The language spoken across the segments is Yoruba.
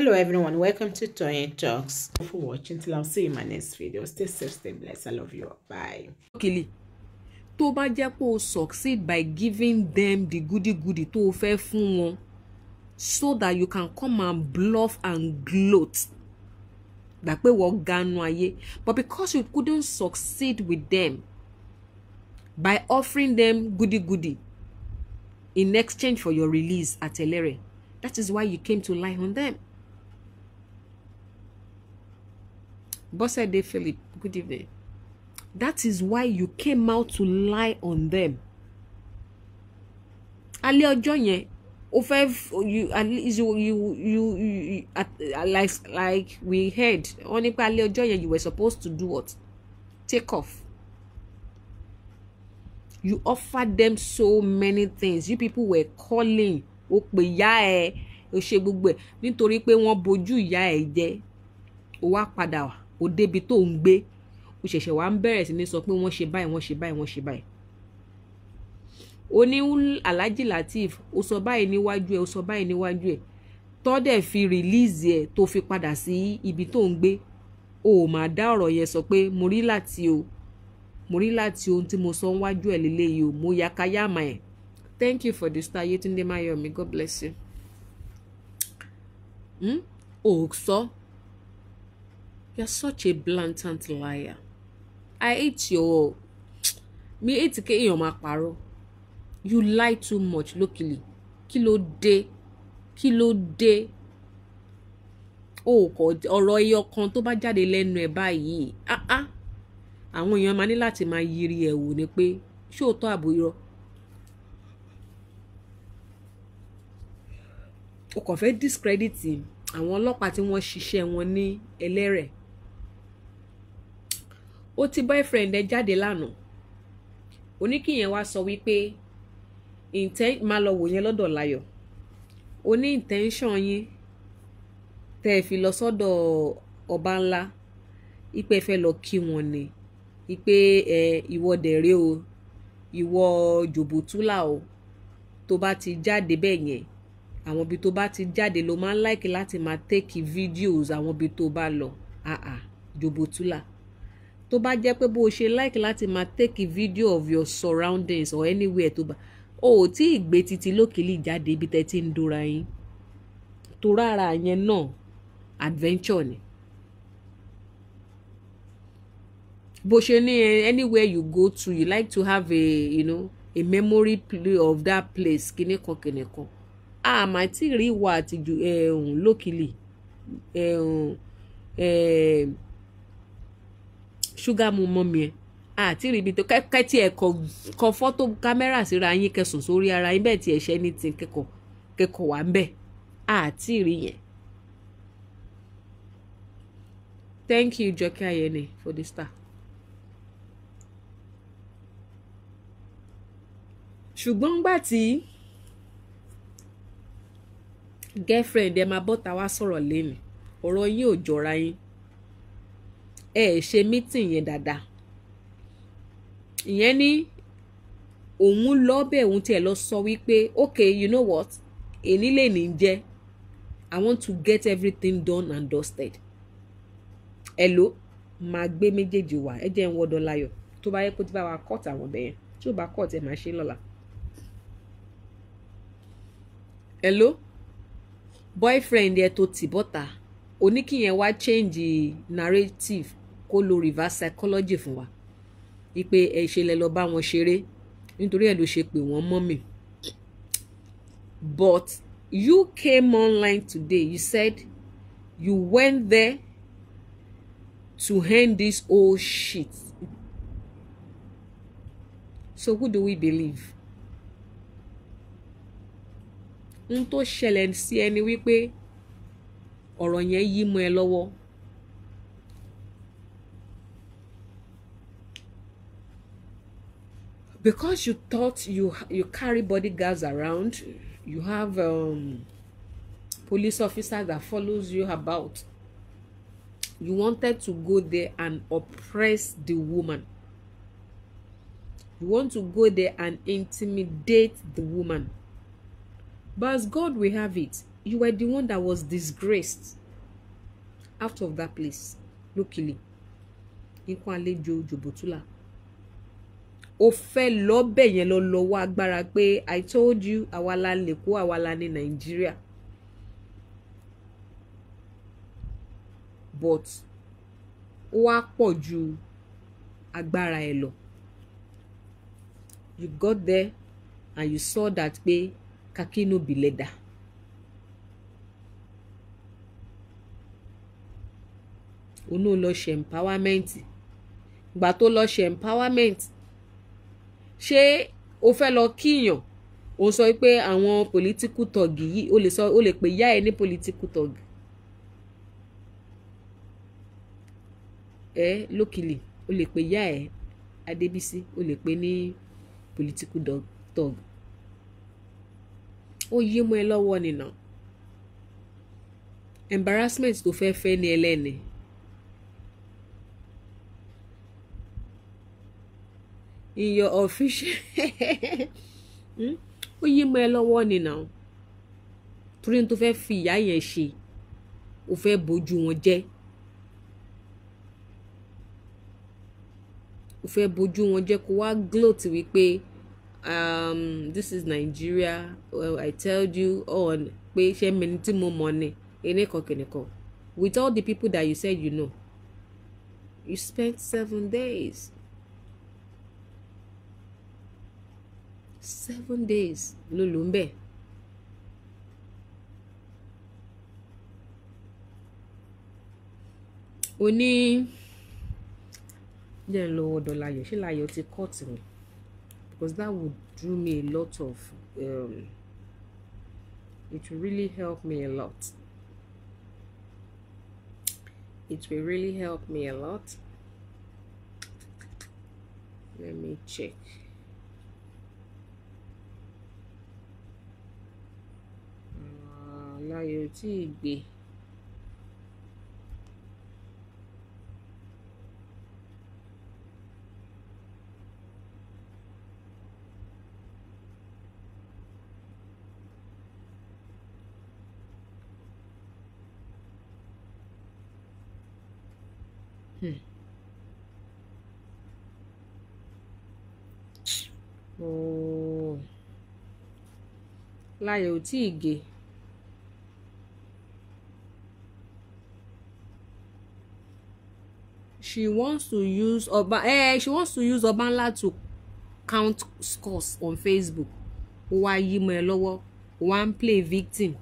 hello everyone welcome to Toyeen Talks Thank you for watching till I see you in my next video stay safe stay blessed i love you all. bye. kìlì tó bá jẹ́ pé o succeed by giving them the goody goody tó o fẹ́ fún wọn so that you can come and bluff and gloat gbà pé wọ́n ganu ayé but because you couldn't succeed with them by offering them goody goody in exchange for your release àtẹ̀lẹ́rẹ̀ that is why you came to lie on them. Bosede Philip, good evening. That is why you came out to lie on them. Alẹ́ ọjọ́ you at least you you you, at, like like we heard, wọ́n ní pé you were supposed to do what? Take off. You offered them so many things. You people were calling. O ya ẹ, o ṣe gbogbo ẹ̀ nítorí pé wọ́n bojú ìyá ẹ̀ O wá padà o débi tó ń gbé o ṣẹ̀ṣẹ̀ wá ń bẹ̀rẹ̀ sí ní sọ pé wọ́n ṣe báyìí wọ́n ṣe báyìí wọ́n ṣe báyìí o ní Alhaji Lateef o sọ báyìí níwájú ẹ o sọ báyìí níwájú ẹ tọ́dẹ̀ fi rìlíìsì ẹ̀ tó fi padà sí ibi tó ń gbé o ò máa dá ọ̀rọ̀ yẹn sọ pé mo rí láti o mo rí láti ohun tí mo sọ ń wájú ẹ̀ lélẹ́yìí o mo yà káyàmà ẹ̀ thank you for the star Yetunde Mayomi god bless you. Hmm? o sọ You're such a blatant liar. I hate your Me hate ke èèyàn máa parọ́. You lie too much lókìlì. Kí ló dé? Kí ló dé? O kò ọ̀rọ̀ ẹyọ kan tó bá jáde lẹ́nu ẹ̀ báyìí. Ah, ah. Àwọn èèyàn máa ní láti máa yiri ewo wò ni pé ṣé òótọ́ àbò irọ́? O kò fẹ́ discredit àwọn ọlọ́pàá tí wọ́n ṣiṣẹ́ wọn ní elere ó ti boyfriend ẹ jáde lánàá oníkìyẹn wá sọ wípé máa lọ wò yẹn lọ́dọ̀ láyọ̀ ó ní intention yín tẹ́ ẹ fi lọ sọ́dọ̀ ọba ńlá ipe fẹ́ lọ kí wọn ni ipe ẹ ìwọ dẹ̀rẹ́ o ìwọ jòbótúlà o tó bá ti jáde bẹ́ẹ̀ yẹn àwọn ibi tó bá ti jáde ló máa ń láìkí láti máa tẹ́kì fídíòs àwọn ibi tó bá lọ àà jòbótúlà tó bá jẹ́ pé bó o ṣe like láti máa take video of your surroundings or anywhere tó bá o ò tí ì gbé títí lókèlè jáde ibi tẹ́ ti ń dora yín tó rárá yẹn náà adventure ni. bó ṣe ní eh, anywhere you go to you like to have a you know a memory of that place kìnìkan kìnìkan àmà tí rí ìwà àtijọ́ eh, lókèlè eh, ṣúgà mu mọ́mí ẹ̀ àti ríbi tó kẹ́kẹ́ tí ẹ̀ kọ fọ́tò kámẹ́rà síra yín kẹsùn sórí ara yín bẹ́ẹ̀ tí ẹ̀ ṣẹ́ ní ti kẹ́kọ̀ọ́ kẹ́kọ̀ọ́ wà ń bẹ̀ àti rí yẹn. Thank you Jọkẹ́ Ayẹni for the star. ṣùgbọ́n gbà tí girlfriend ẹ máa bọ́ta wá sọ̀rọ̀ lẹ́nu ọ̀rọ̀ yín ò jọra yín ẹ ẹ̀ ṣe mítìn yẹn dáadáa ìyẹn ní òun lọ bẹ́ẹ̀ òun tiẹ̀ lọ sọ wípé okay you know what èyí lè ní jẹ́ I want to get everything done and dusted hello máa gbé méjèèjì wá ẹ jẹ́ ń wọ́dọ̀ láyọ̀ tó bá yẹ kó ti bá wa kọ́ọ̀tù àwọn ọbẹ̀ yẹn tí ò bá kọ́ọ̀tù ẹ̀ máa ṣe lọ́la. hello boyfriend ẹ tó tì bọ́ta oníkìyẹn wá change narrative kó lo reverse psychology fún wa wípé ẹ ṣe lẹ lọ bá wọn ṣeré nítorí ẹ ló ṣe pé wọ́n mọ́ mi but you came online today you said you went there to end this whole shit so who do we believe ohun tó ṣẹlẹ̀ sí ẹni wípé ọ̀rọ̀ yẹn yí mọ́ ẹ lọ́wọ́ because you thought you you carry bodyguards around you have um, police officer that follows you about you wanted to go there and oppress the woman you want to go there and intimidate the woman but as god will have it you were the one that was disgraced out of that place luckily nkwanle jo jobotula o fẹ lọ bẹ̀ yẹn lọ lọ́wọ́ agbára pé i told you àwa la lè kó àwa la ní nàìjíríà but ó wá pọ̀ ju agbára ẹ lọ you got there and you saw that pé kaki no be leather. onú lọ ṣe empowerment gbà tó lọ ṣe empowerment ṣé o fẹ́ lọ kíyàn o sọ pé àwọn political thug yìí o lè sọ o lè pè yá ẹ ní political thug ẹ lókìlì o lè pè yá ẹ Adébísí o lè pè ní political thug ó yí mọ́ ẹ lọ́wọ́ nìna embarrassment tó fẹ́ fẹ́ ní ẹlẹ́ni. in your official hmm? ó yí mọ́ ẹ lọ́wọ́ ni nà ó torí tó fẹ́ fi ìyá yẹn ṣe ó fẹ́ bójú wọn jẹ́ ó fẹ́ bójú wọn jẹ́ kó wá gloat wípé um, this is Nigeria well, I tell you on pé ṣé mẹni tí mo mọ̀ ni ẹnìkan kìnìkan with all the people that you said you know you spent seven days seven days ló lò ń bẹ̀. o ní jẹ́ ń lọ ọ̀dọ̀ Láyọ̀ ṣé Láyọ̀ ti kọ́ọ̀tì mi because that would do me a lot of um, it will really help me a lot it will really help me a lot let me check. láyé ò tí ì gbé. Hmm. Oh. láyé ò tí ì she wants to use Oba eh she wants to use Obanla to count scores on Facebook ó wá yí mọ́ ẹ play victim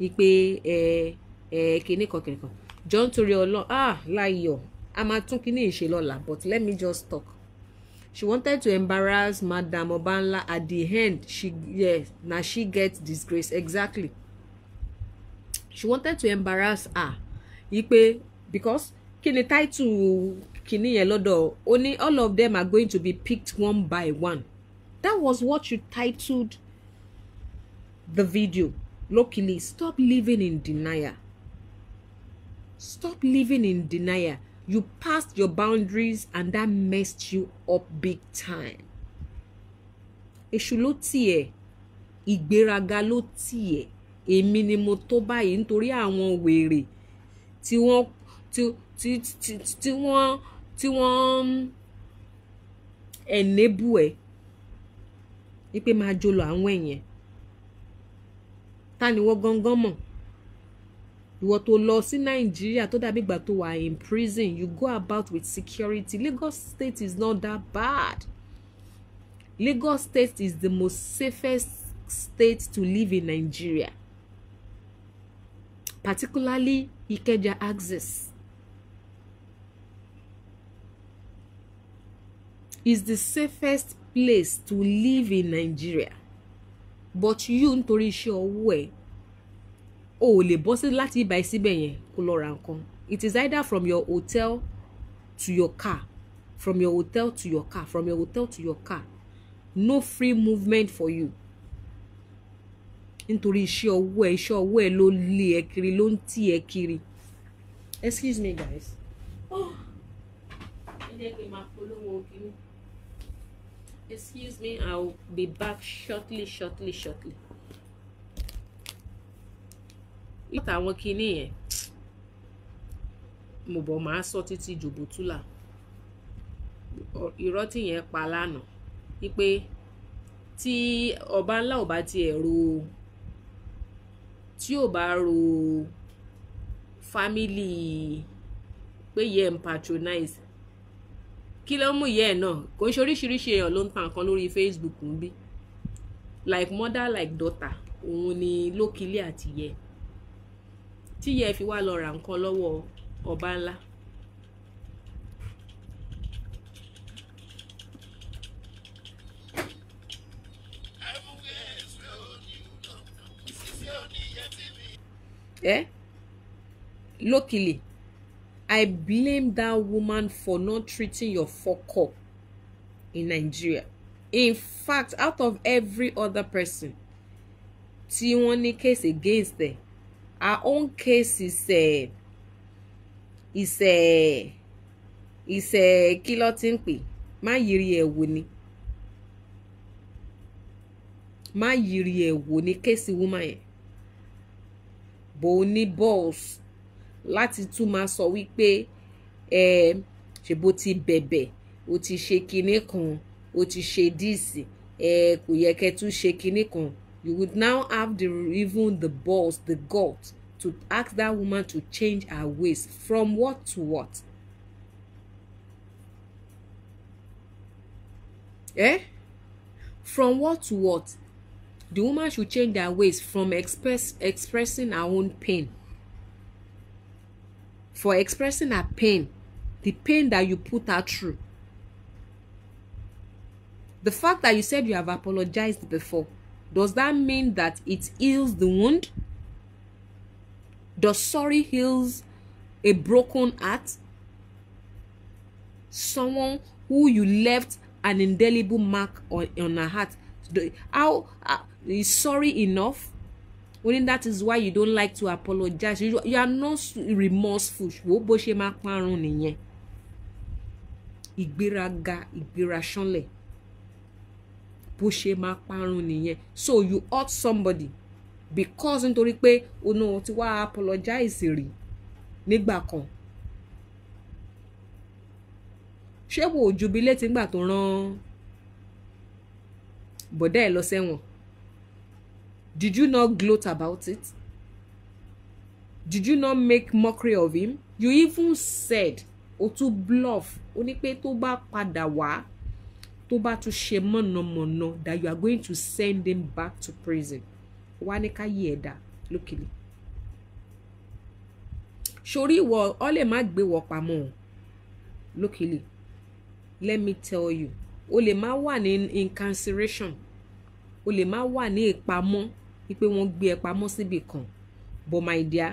ipe eh eh. kinní kan kinní kan John torí ọlọ́run ah láyọ̀ a máa tún kinní ìṣe lola. but let me just talk she wanted to embarrass Madam Obanla at the end she yes na she get disgrace exactly she wanted to embarrass her ipe because kí ni táìtù kìíní yẹn lọ́dọ̀ ó ní all of them are going to be picked one by one that was what you titled the video locally stop living in denial stop living in denial you passed your boundaries and that messed you up big time èṣù ló tiẹ̀ ìgbéraga ló tiẹ̀ èmi ni mo tó báyìí nítorí àwọn wèrè tí Wọ́n, ti tí tí tí wọ́n tí wọ́n um, enable ẹ̀ wípé máa jolọ àwọn èèyàn ta ni wọ́n gangan mọ̀ ìwọ tó lọ sí nàìjíríà tó dàbí ìgbà tó wà in prison you go about with security Lagos state is not that bad Lagos state is the most safest state to live in Nigeria particularly Ikeja axis is the safest place to live in Nigeria but you nítorí iṣẹ́ ọwọ́ ẹ̀ o ò lè bọ́ sí láti ibà síbẹ̀ yẹn kó lọ ra nǹkan it is either from your hotel to your car from your hotel to your car from your hotel to your car no free movement for you nítorí iṣẹ́ ọwọ́ ẹ̀ iṣẹ́ ọwọ́ ẹ̀ ló lé ẹ kiri ló ń tì ẹ kiri excuse me guys. Oh excuse me i'll be back shortly shortly shortly lọ́tà àwọn kinní yẹn mo bọ̀ máa sọ títí jòbótúlà irọ́ tí yẹn pa lánàá wípé tí ọba ńlá ò bá tiẹ̀ ro tí ò bá ro fámìlì pé yẹn patronize kí ló mú ìyá ẹ̀ náà kò ń ṣe oríṣiríṣi èèyàn ló ń ta nǹkan lórí Facebook ń bí like mother like daughter òun ni lókìlẹ̀ àti yẹ tí yẹ fi wá lọ ra nǹkan lọ́wọ́ ọba ńlá. ẹ lókìlì I blame that woman for not treating your fuck up in Nigeria. In fact, out of every other person tí wọ́n case against them, our own case is a eh, is a eh, is a eh, kí ló ti ń pè My yiri ẹ̀ wò ni má yiri ẹ̀ case woman yẹn bò láti tún máa sọ wípé ẹ ṣe bó ti bẹ̀bẹ̀ o ti ṣe kinní kan o ti ṣe díìsì ẹ kò yẹ kẹ́ tún ṣe kinní kan you would now have the even the balls the guts to ask that woman to change her ways from what to what. Eh? From what to what? The woman should change her ways from express, expressing her own pain for expressing her pain, the pain that you put her through. The fact that you said you have apologized before, does that mean that it heals the wound? Does sorry heals a broken heart? Someone who you left an indelible mark on, on her heart. How uh, is sorry enough? only that is why you don't like to apologize you, you are not remorseful wo bó ṣe máa parun nìyẹn ìgbéraga ìgbéraṣánlẹ̀ bó ṣe máa parun nìyẹn so you hurt somebody because nítorí pé ọ̀nà no, tí wàá apologize rí nígbà kan ṣé wò ó jubilé tìǹgbà tó rán bọ̀dá ẹ̀ lọ sẹ́wọ̀n Did you not gloat about it? Did you not make mockery of him? You even said, o tún bluff, o ní pé tó bá padà wá, tó bá tún ṣe mọ̀nàmọ̀nà that you are going to send him back to prison. Wá ní ká yí ẹ̀dá lókèlè. Ṣorí ìwọ ọ lè má gbé wọ pamọ́ lókèlè. Let me tell you, o lè má wà ní incarceration, o lè má wà ní ìpamọ́ wípé wọ́n gbé ẹ pamọ́ síbì kan but my dear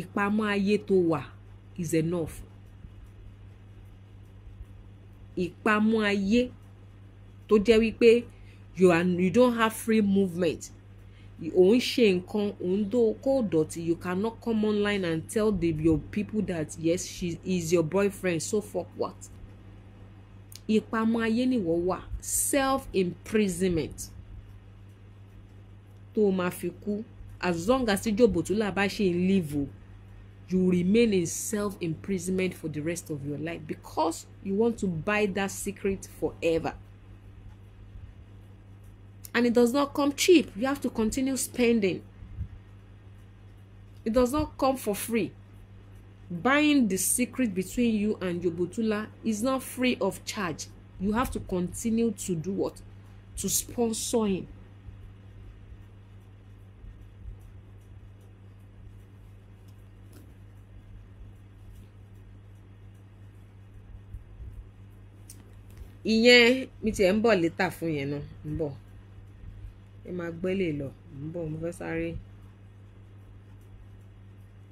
ìpamọ́ ayé tó wà is enough ìpamọ́ ayé tó jẹ́ wípé you, are, you don't have free movement òun ṣe nǹkan òun dó kó dọ̀tí you cannot come online and tell the, your people that yes she is your boyfriend so fuck what ìpamọ́ ayé nìwọ wà self imprisonment tó máa fi kú as long as Job Òtúnlá bá ṣe ń live o you remain in self-imprisonment for the rest of your life because you want to buy that secret forever and it does not come cheap you have to continue spending it does not come for free buying the secret between you and your Otula is not free of charge you have to continue to do what to sponsor him ìyẹn mi tiẹ̀ ń bọ̀ létà fún yẹn náà ń bọ̀ ẹ máa gbẹ́lẹ̀ lọ ń bọ̀ mo fẹ́ sáré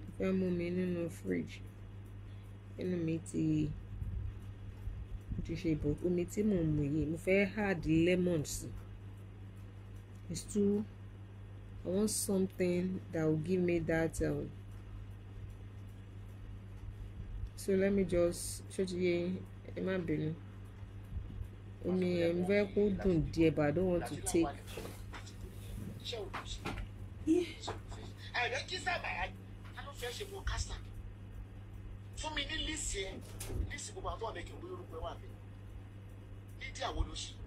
mo fẹ́ mú mi nínú fridge inú mi ti ti ṣe ìbò omi tí mò ń mu yìí mo fẹ́ add lemon sí it's too I want something that will give me that um, so let me just ṣé ti yé ẹ má bínú omi ẹ̀ ń fẹ́ kó dùn díẹ̀ but I don't want to take. fún mi ní lísì ẹ lísì gbogbo àwọn tó wà lẹ́kẹ̀ẹ́ bóyá orúkọ ẹ wà bẹ́ẹ̀ nídìí àwọn olóṣèlú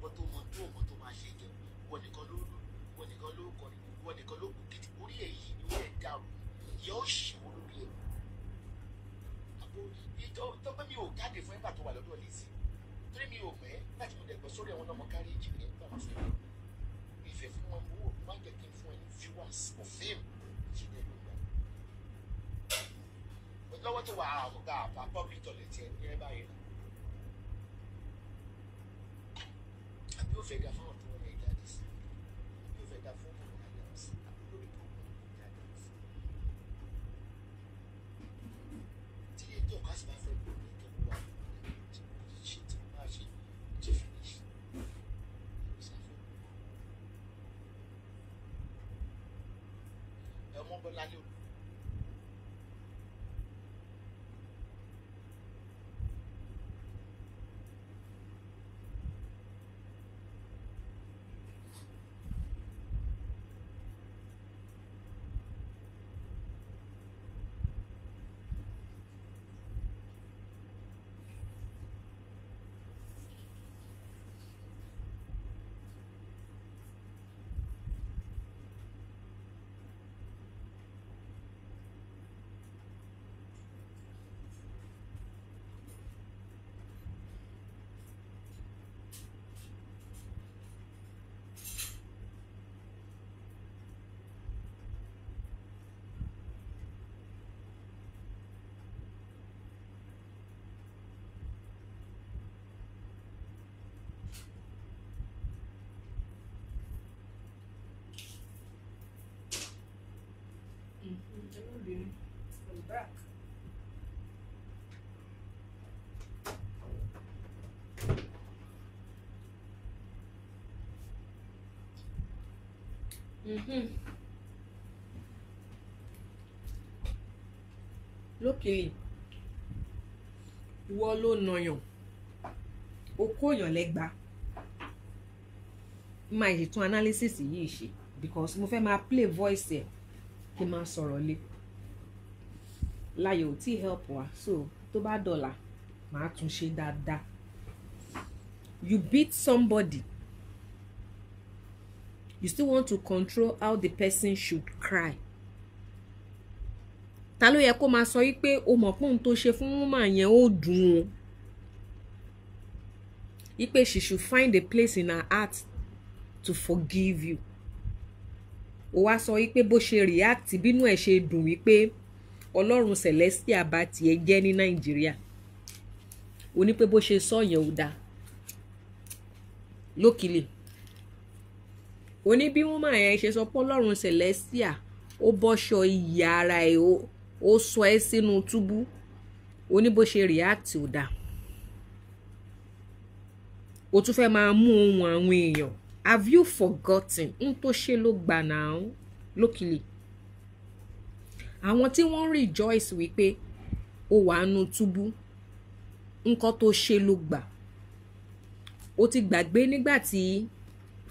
wọ́n tó mọ tó mọ tó máa ṣe jẹ wọ́n nìkan ló lù wọ́n nìkan ló kọrin wọ́n nìkan ló kù kìtì orí ẹ̀ yìí ni ó yẹ dàrú yẹ ó ṣe. tó pé mi ò káàdì fún ìgbà tó wà lọ́dọ̀ Lizzy torí mi ò mẹ́ láti kó dẹ̀gbọ́ sórí àwọn ọmọ kárí ìjì ní ìgbà máa fẹ́ ìfẹ́ fún wọn owó máa jẹ́ kí n fún ẹni viewers of fame ti dẹ̀ ló gbà. lọ́wọ́ tó wà àgbà àbá public toilet ẹ̀ ní ẹ báyìí. àbí ó fẹ́ ga fún ọmọ bẹ̀rẹ̀ láyé òkú. Mm-hmm. lókèlè ìwọ ló nàyàn o kó yàn lẹ́gba máa ṣètò analysis yìí ṣe because mo fẹ́ máa play voice ẹ̀ kí n máa sọ̀rọ̀ lé láyọ̀ ò tí help wa so tó bá dọ̀là màá tún ṣe dáadáa you beat somebody you still want to control how the person should cry ta ló yẹ kó máa sọ yí pé o mọ̀ pé òun tó ṣe fún wúmà yẹn ó dùn ún yí pé she should find a place in her heart to forgive you ó wá sọ wípé bó ṣe react bínú ẹ̀ ṣe dùn wípé ọlọ́run celestia bá tiẹ̀ jẹ́ ní nàìjíríà ó ní pé bó ṣe sọ yẹn ò dáa lókìlì ó ní bí wọ́n máa yẹn ṣe sọ pé ọlọ́run celestia ó bọ́ṣọ ìyá ara ẹ̀ ó sọ ẹ́ sínú túbú ó ní bó ṣe react ò dáa ó tún fẹ́ máa mú ohun àwọn èèyàn have you forgotten ń tó ṣe ló gbà náà lókìlì àwọn tí wọ́n rejoice wípé o wà nù túbú nǹkan tó ṣe ló gbà o ti gbàgbé nígbà tí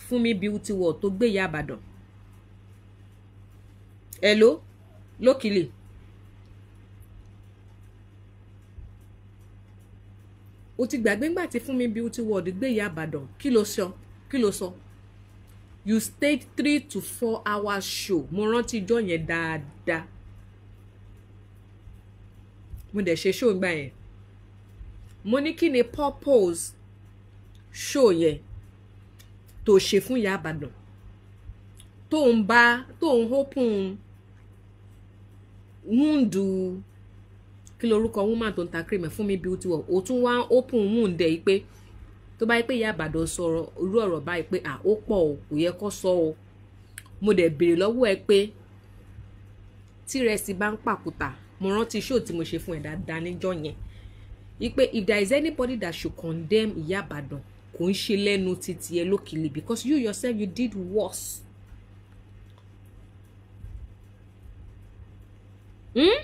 Fúnmi Beauty World tó gbé ìyá Ìbàdàn hello lókìlì o ti gbàgbé nígbà tí Fúnmi Beauty World gbé ìyá Ìbàdàn kí ló sọ. So? kí ló sọ you stayed three to four hours show mo rántí ijọ́ yẹn dáadáa mo dẹ̀ ṣe show gbà yẹn mo ní kí ni purpose show yẹn tó ṣe fún ìyá àbàdàn tó ń bá tó ń hópin wúndù kí lorúkọ woman tó ń ta cream fún mi beauty world ó tún wá open wound ẹ̀ yìí pé tó bá yẹ pé ìyá àbàdàn sọ̀rọ̀ irú ọ̀rọ̀ báyìí pé à ó pọ̀ o kò yẹ kó sọ o mo dẹ̀ béèrè lọ́wọ́ ẹ pé tírẹsì bá ń pàkúta mo rántí ṣó tí mo ṣe fún ẹ dáadáa níjọ́ yẹn ipe if there is anybody that should condemn ìyá àbàdàn kò ń ṣe lẹ́nu títí ẹ lókìlì because you yourself you did worse. Hmm?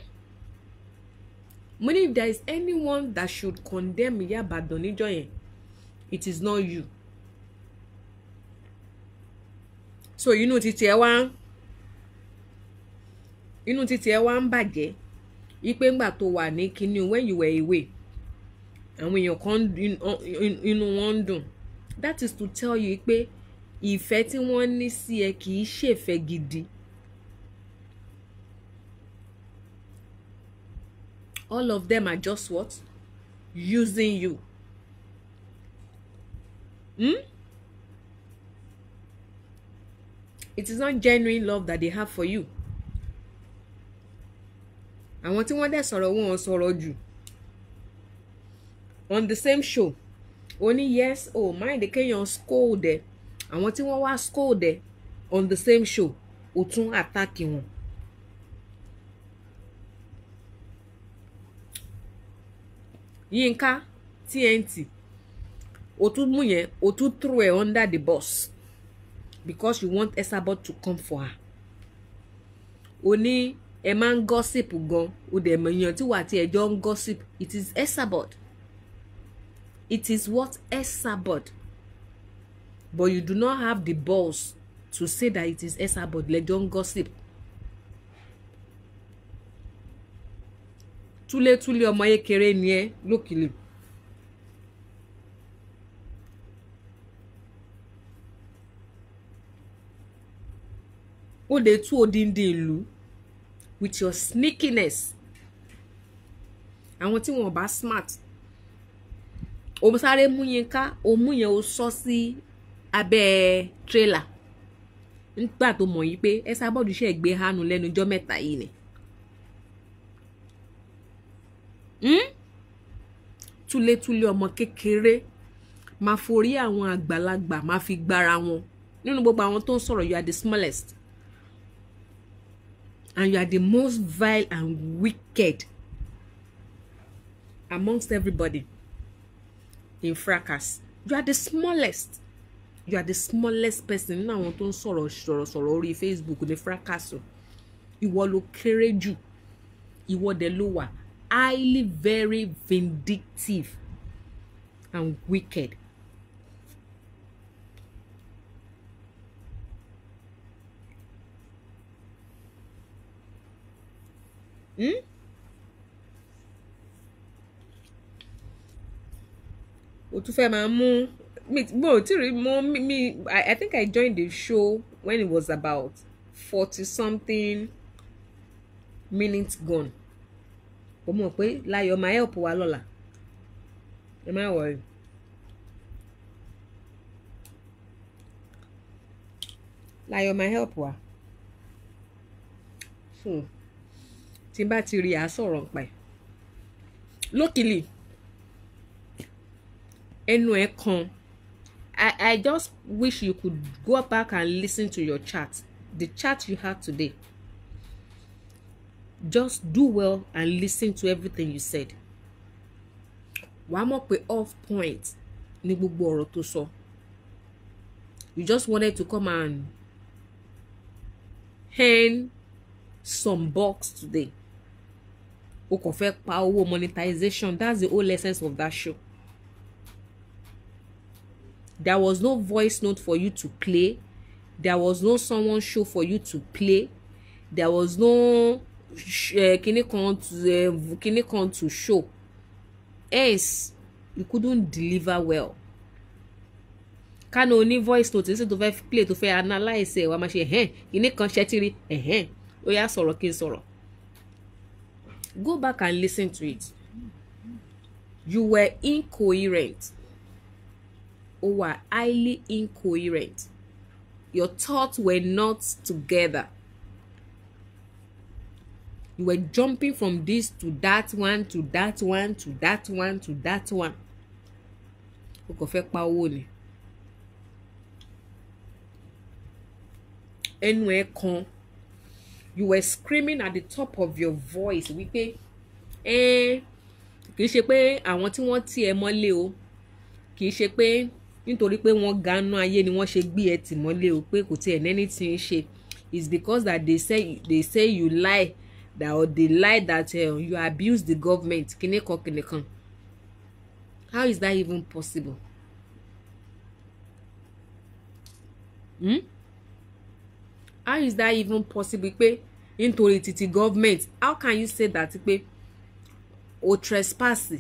mo ní if there is anyone that should condemn ìyá àbàdàn níjọ́ yẹn it is not you so inú títí ẹ wá inú títí ẹ wá ń bàjẹ́ ipe ńgbà tó wà ní kinní when you were away àwọn èèyàn kan inú wọn ń dùn that is to tell you pé ìfẹ́ tí wọ́n ní sí ẹ kì í ṣèfẹ́ gidi. all of them are just what using you Hmm? It is not genuine love that they have for you. Àwọn tí wọ́n dẹ̀ sọ̀rọ̀ wọn sọ̀rọ̀ jù. On the same show, ó ní yes o oh, mind the Kenyan scold ẹ̀ àwọn tí wọ́n wá scold ẹ̀ on the same show ó tún attack wọn. Yínká TNT o tún mú yẹn o tún throw her under the bus because you want Esabod to come for her o ní ẹ máa ń gossip gan o dẹ̀ mọ̀ èèyàn tí wàá ti ẹjọ́ ń gossip it is Esabod it is what Esabod but you do not have the balls to say that it is Esabod lẹ́jọ́ ń gossip. túlétúlé ọmọ yékeré ni ẹ lókìlì o lè tú odindi ìlú with your sneakiness àwọn tí wọn bá smart o sáré mú yín ká o mú yẹn o sọ sí abẹ́ tírélà nígbà tó mọ̀ yìí pé ẹ sábọ́dù iṣẹ́ ìgbé hánu lẹ́nu ọjọ́ mẹ́ta yìí ni. túlétúlé hmm? ọmọ kékeré máa forí àwọn àgbàlagbà máa fi gbára wọn nínú gbogbo àwọn tó ń sọ̀rọ̀ you are the smallest and you are the most vile and wicked amongst everybody in fracas you are the smallest you are the smallest person nínú àwọn tó ń sọ̀rọ̀ sọ̀rọ̀ sọ̀rọ̀ orí Facebook ní fracas o ìwọ ló kéré jù ìwọ dẹ̀ ló wà highly very vindictive and wicked Hmm. O fẹ́ máa mú mi mo ò tí rí mo mi I, I think I joined the show when it was about forty something minutes gone mo mọ̀ pé Láyọ̀ máa help wa Lola. ẹ má wọrí. Láyọ̀ máa help wa. Hmm tí n bá ti rí àásọ̀rọ̀ pa ẹ̀ lókìlì ẹnu ẹ̀ kan I, I just wish you could go back and listen to your chat the chat you had today just do well and listen to everything you said wàá mọ̀ pé off point ní gbogbo ọ̀rọ̀ tó sọ you just wanted to come and hand some box today o kàn fẹ́ pa owó monetization that's the whole essence of that show there was no voice note for you to play there was no someone show for you to play there was no uh, eh, kini kan to eh, kini kan to show hence you couldn't deliver well kánà oní voice note ní sì tó play to fẹ́ analyse ẹ̀ wá máa ṣe ẹ̀hẹ́n kini kan ṣẹ́tìrì ẹ̀hẹ́n ó yá sọ̀rọ̀ kí n sọ̀rọ̀ Go back and listen to it. You were incoherent. Or were highly incoherent. Your thoughts were not together. You were jumping from this to that one to that one to that one to that one. O kò fẹ́ pa owó ni. Ẹnu ẹ kan you were screaming at the top of your voice wípé kì í ṣe pé àwọn tí wọ́n tì ẹ́ mọ́lé o kì í ṣe pé nítorí pé wọ́n ganú ayé ni wọ́n ṣe gbé ẹ tì mọ́lé o pé kò tiẹ̀ nẹ́ni tí ń ṣe it's because that they say they say you lie that or they lie that uh, you abuse the government kíní kan kíní kan how is that even possible? Hmm? how is that even possible pé nítorí títí government how can you say that pé o trespass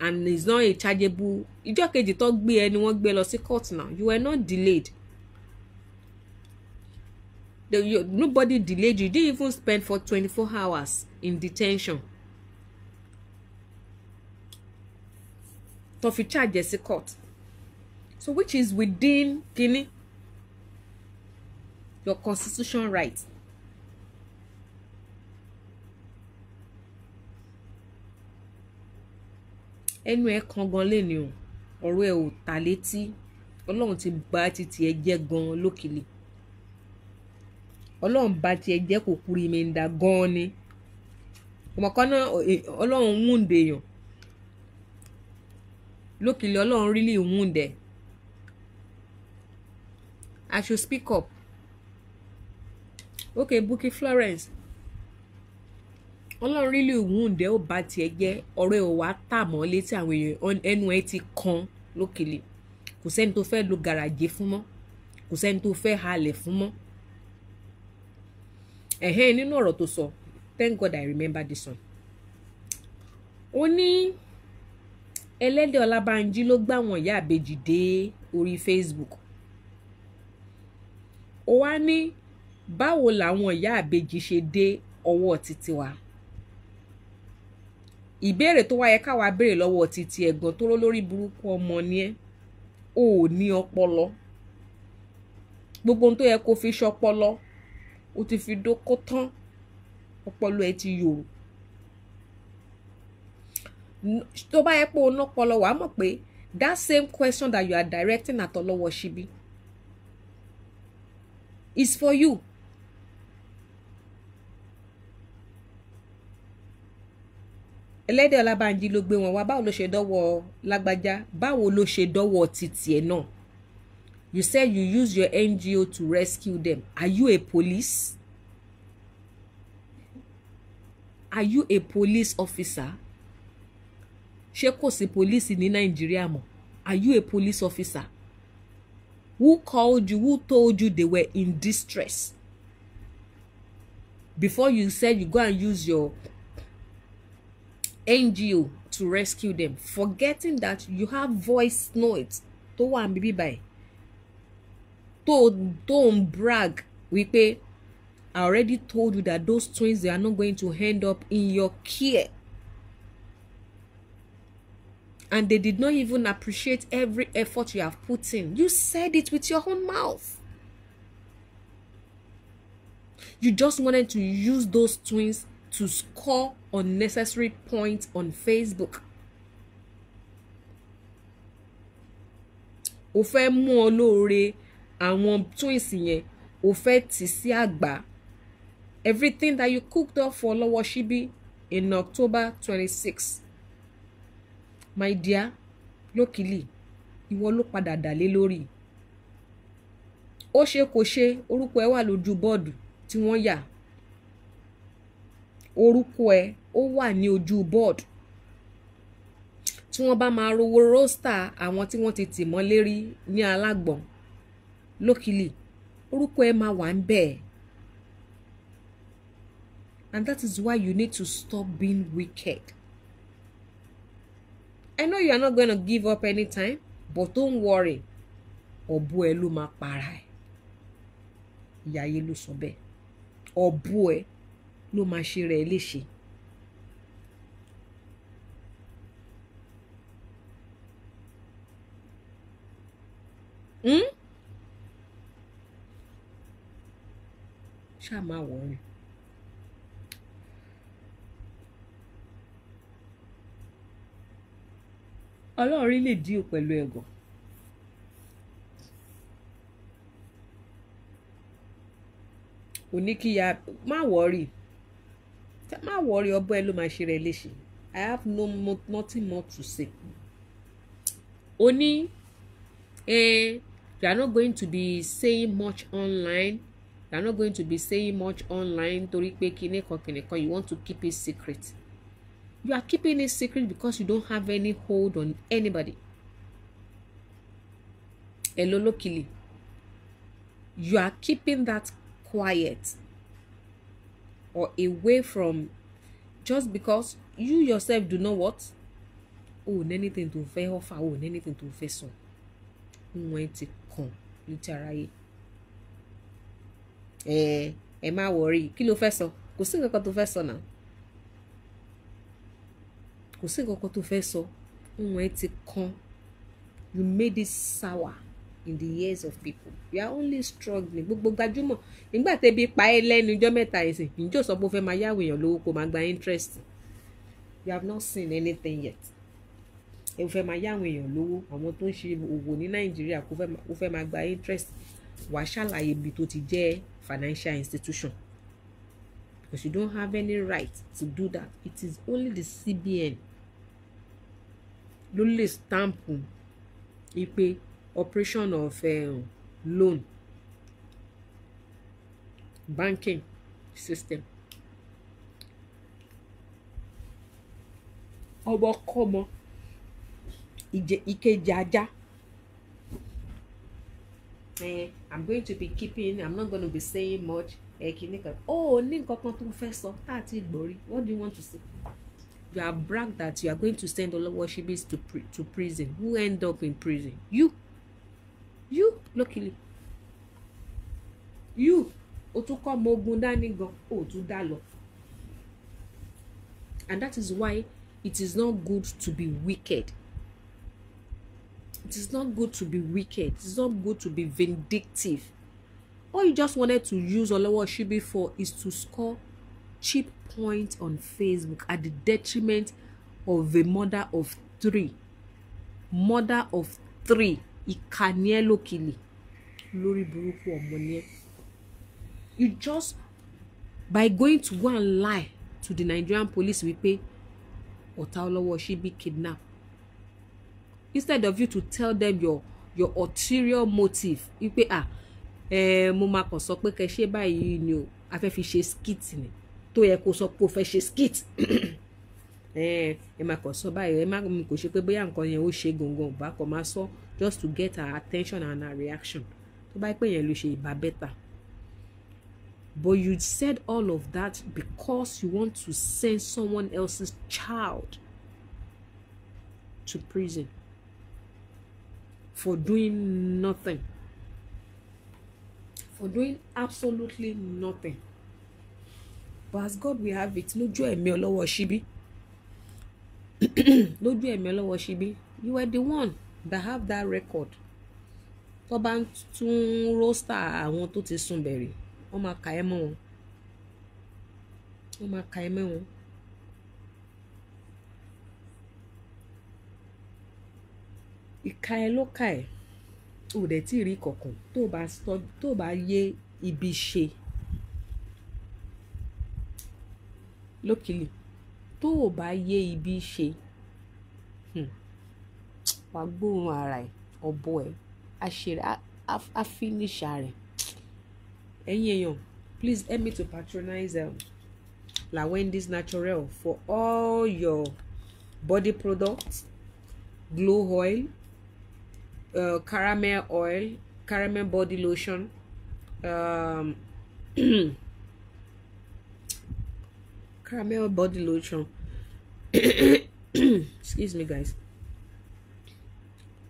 and it's not a chargeable ìjọ kejì tó gbé ẹ ni wọ́n gbé lọ sí court now you were not delayed the, you, nobody delayed you you didn't even spend for twenty-four hours in detention tó fi charge ẹ sí court so which is within kini your constitution right ẹnu ẹ kan gan lẹ́nu o ọ̀rọ̀ ẹ ò ta létí ọlọ́run ti bà títí ẹ jẹ́ gan lókìlì ọlọ́run bà tiẹ̀ jẹ́ kò kúrì mẹ́ńdà gan ni ọmọ kan náà ọlọ́run wúndè èèyàn lókìlì ọlọ́run rílì wúndè I should speak up okay Bukky Florence ọlọ́run rí lè wúndẹ́ ó bá tiẹ̀ jẹ́ ọ̀rẹ́ ò wá tà mọ́ létí àwọn èèyàn ẹnu ẹ ti kan lókèlè kò sẹ́ni tó fẹ́ lo gàràjé fún mọ́ kò sẹ́ni tó fẹ́ halẹ̀ fún mọ́ ẹ̀hẹ́n nínú ọ̀rọ̀ tó sọ thank God I remember this one ó ní ẹlẹ́dẹ̀ ọlábànjí ló gbà wọ́n ìyá àbèjì dé orí Facebook ó wá ní báwo làwọn ìyá àbèjì ṣe dé ọwọ́ títí wa ìbéèrè tó wáyé káwa béèrè lọ́wọ́ títí ẹ̀gbọ́n tó lólórí burúkú ọmọ ni ẹ́ ò ní ọpọlọ gbogbo ohun tó yẹ kó fi ṣọpọlọ o ti fi dóko tán ọpọlọ ẹ ti yòrò tó bá yẹ pé o ná ọpọlọ wàá mọ̀ pé that same question that you are directing at ọlọ́wọ́ ṣíbí is for you ẹlẹ́dẹ̀ ọlábànjí ló gbé wọn wá báwo ló ṣe dọ́wọ́ lágbájá báwo ló ṣe dọ́wọ́ títì ẹ̀ náà you said you use your NGO to rescue them are you a police are you a police officer ṣé kò sí polisi ní nàìjíríà mọ́ are you a police officer who called you who told you they were in distress before you said you go and use your NGO to rescue them forgetting that you have voice notes tó wà ń bíbí báyìí tó tó ń brag wípé I already told you that those twins they are not going to end up in your care and they did not even appreciate every effort you have put in you said it with your own mouth you just wanted to use those twins to score unnecessary points on Facebook. o fẹ́ mú ọ lóore àwọn twins yẹn o fẹ́ tì sí àgbà everything that you cooked up for lọ́wọ́ ṣíbí in October twenty six my dear lókìlì ìwọ ló padà dàlé lórí ó ṣe kò ṣe orúkọ ẹ wà lójú bọ́ọ̀dù tí wọ́n yà orúkọ ẹ ó wà ní ojú board tí wọ́n bá máa rówó rọ́stà àwọn tí wọ́n ti tì mọ́ lérí ní alágbọ̀n lókìlì orúkọ ẹ máa wà ń bẹ̀ and that is why you need to stop being wicked I know you are not gonna give up anytime but don't worry ọ̀bọ ẹ ló máa para ẹ ìyá ayé ló sọ bẹ́ẹ̀ ọ̀bọ ẹ ló máa ṣe rẹ̀ léṣe. Hmm? ṣáà máa wọ̀ ọ́rìn. ọlọ́run lè dí o pẹ̀lú ẹ̀gàn. oníkíyà má wọ̀ọ́rì má wọrí ọbọ ẹ ló máa ṣe rẹ léṣe i have no more, nothing more to say ó ní eh, you are not going to be saying much online You are not going to be saying much online torí pé kinní kan kinní kan you want to keep it secret you are keeping it secret because you don't have any hold on anybody ẹ lọ lókìlì you are keeping that quiet or away from just because you yourself do not what Oh, anything to tó fẹ́ Oh, anything to nẹ́nìtìn tó fẹ́ sọ wọn ti kàn létí aráyé ẹ ẹ má wọrí kí ló fẹ́ sọ kò sí nǹkan kan tó fẹ́ sọ náà kò sí nǹkan kan tó fẹ́ sọ wọn ti kàn you made it sour in the ears of people we are only struggling gbogbo gbajúmọ̀ nígbà tẹ́bi pa ẹ́ lẹ́nu ijọ́ mẹ́ta ẹ̀sìn ìjọ sọ pé ó fẹ́ máa yáwó èèyàn lówó kó máa gba interest you have not seen anything yet ẹ fẹ́ máa yáwọn èèyàn lówó àwọn tó ń ṣe òwò ní nàìjíríà kó fẹ́ máa gba interest wàá ṣàlàyé ibi tó ti jẹ́ financial institution because you don't have any right to do that it is only the CBN ló lè stamp ipe operation of um, loan banking system ọmọ kọ́mọ ìkejì ajá. Eh, I'm going to be keeping I'm not going to be saying much eh, kìíní kan oh ní nǹkan kan tó ń fẹ́ sọ tá a ti gbòrí what do you want to say you are brag that you are going to send Olowo Shebis to, pri to prison who end up in prison you you luckily, you o tún kọ́ ọmọ ogun dání gan o tún dá lọ and that is why it is not good to be wicked it is not good to be wicked it is not good to be vindictive all you just wanted to use Olawo Shibi for is to score cheap points on Facebook at the detriment of a mother of three mother of three ìkà ni ẹ́ lókèlè lórí burúkú ọmọ ni you just by going to go and lie to the Nigerian police wípé ọ̀tá olówó ṣe bí kidnap instead of you to tell them your your ulterior motive wípé ah eh, mo máa kàn sọ pé kẹ ṣe báyìí ni o a fẹ́ fi ṣe skit ni tó yẹ kó sọ pé o fẹ́ ṣe skit ẹ máa kàn sọ báyìí ẹ má kò ṣe pé bóyá nǹkan yẹn ó ṣe gangan ò máa sọ. So just to get her attention and her reaction tó bá pè yẹn ló ṣe ìbá better but you said all of that because you want to send someone else's child to prison for doing nothing for doing absolutely nothing but as God will have it lójú ẹ̀mí ọlọ́wọ́ ṣíbí lójú ẹ̀mí ọlọ́wọ́ ṣíbí you were the one that have that record tó bá ń tún róstà àwọn tó ti sùn bẹ̀rẹ̀ wọ́n máa kà ẹ́ mọ́ wọn wọ́n máa kà ẹ́ mọ́ wọn. ìka ẹ ló kà ẹ́ ò dẹ̀ tí ì rí kọ̀ọ̀kan tó o bá yé ibi ṣe lókìlì tó bá yé ibi ṣe. Hmm wàá gbóòórùn ara ẹ̀ ọ̀bọ ẹ̀ á finish rẹ̀ ẹ̀yin èèyàn please help me to patronize um, La Wendy's Natural for all your body products glow oil uh, caramel oil caramel body lotion um, caramel body lotion excuse me guys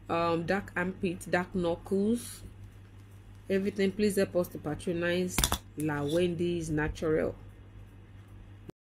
um, dark armpit, dark knuckles, everything. Please help us to patronize La Wendy's Natural.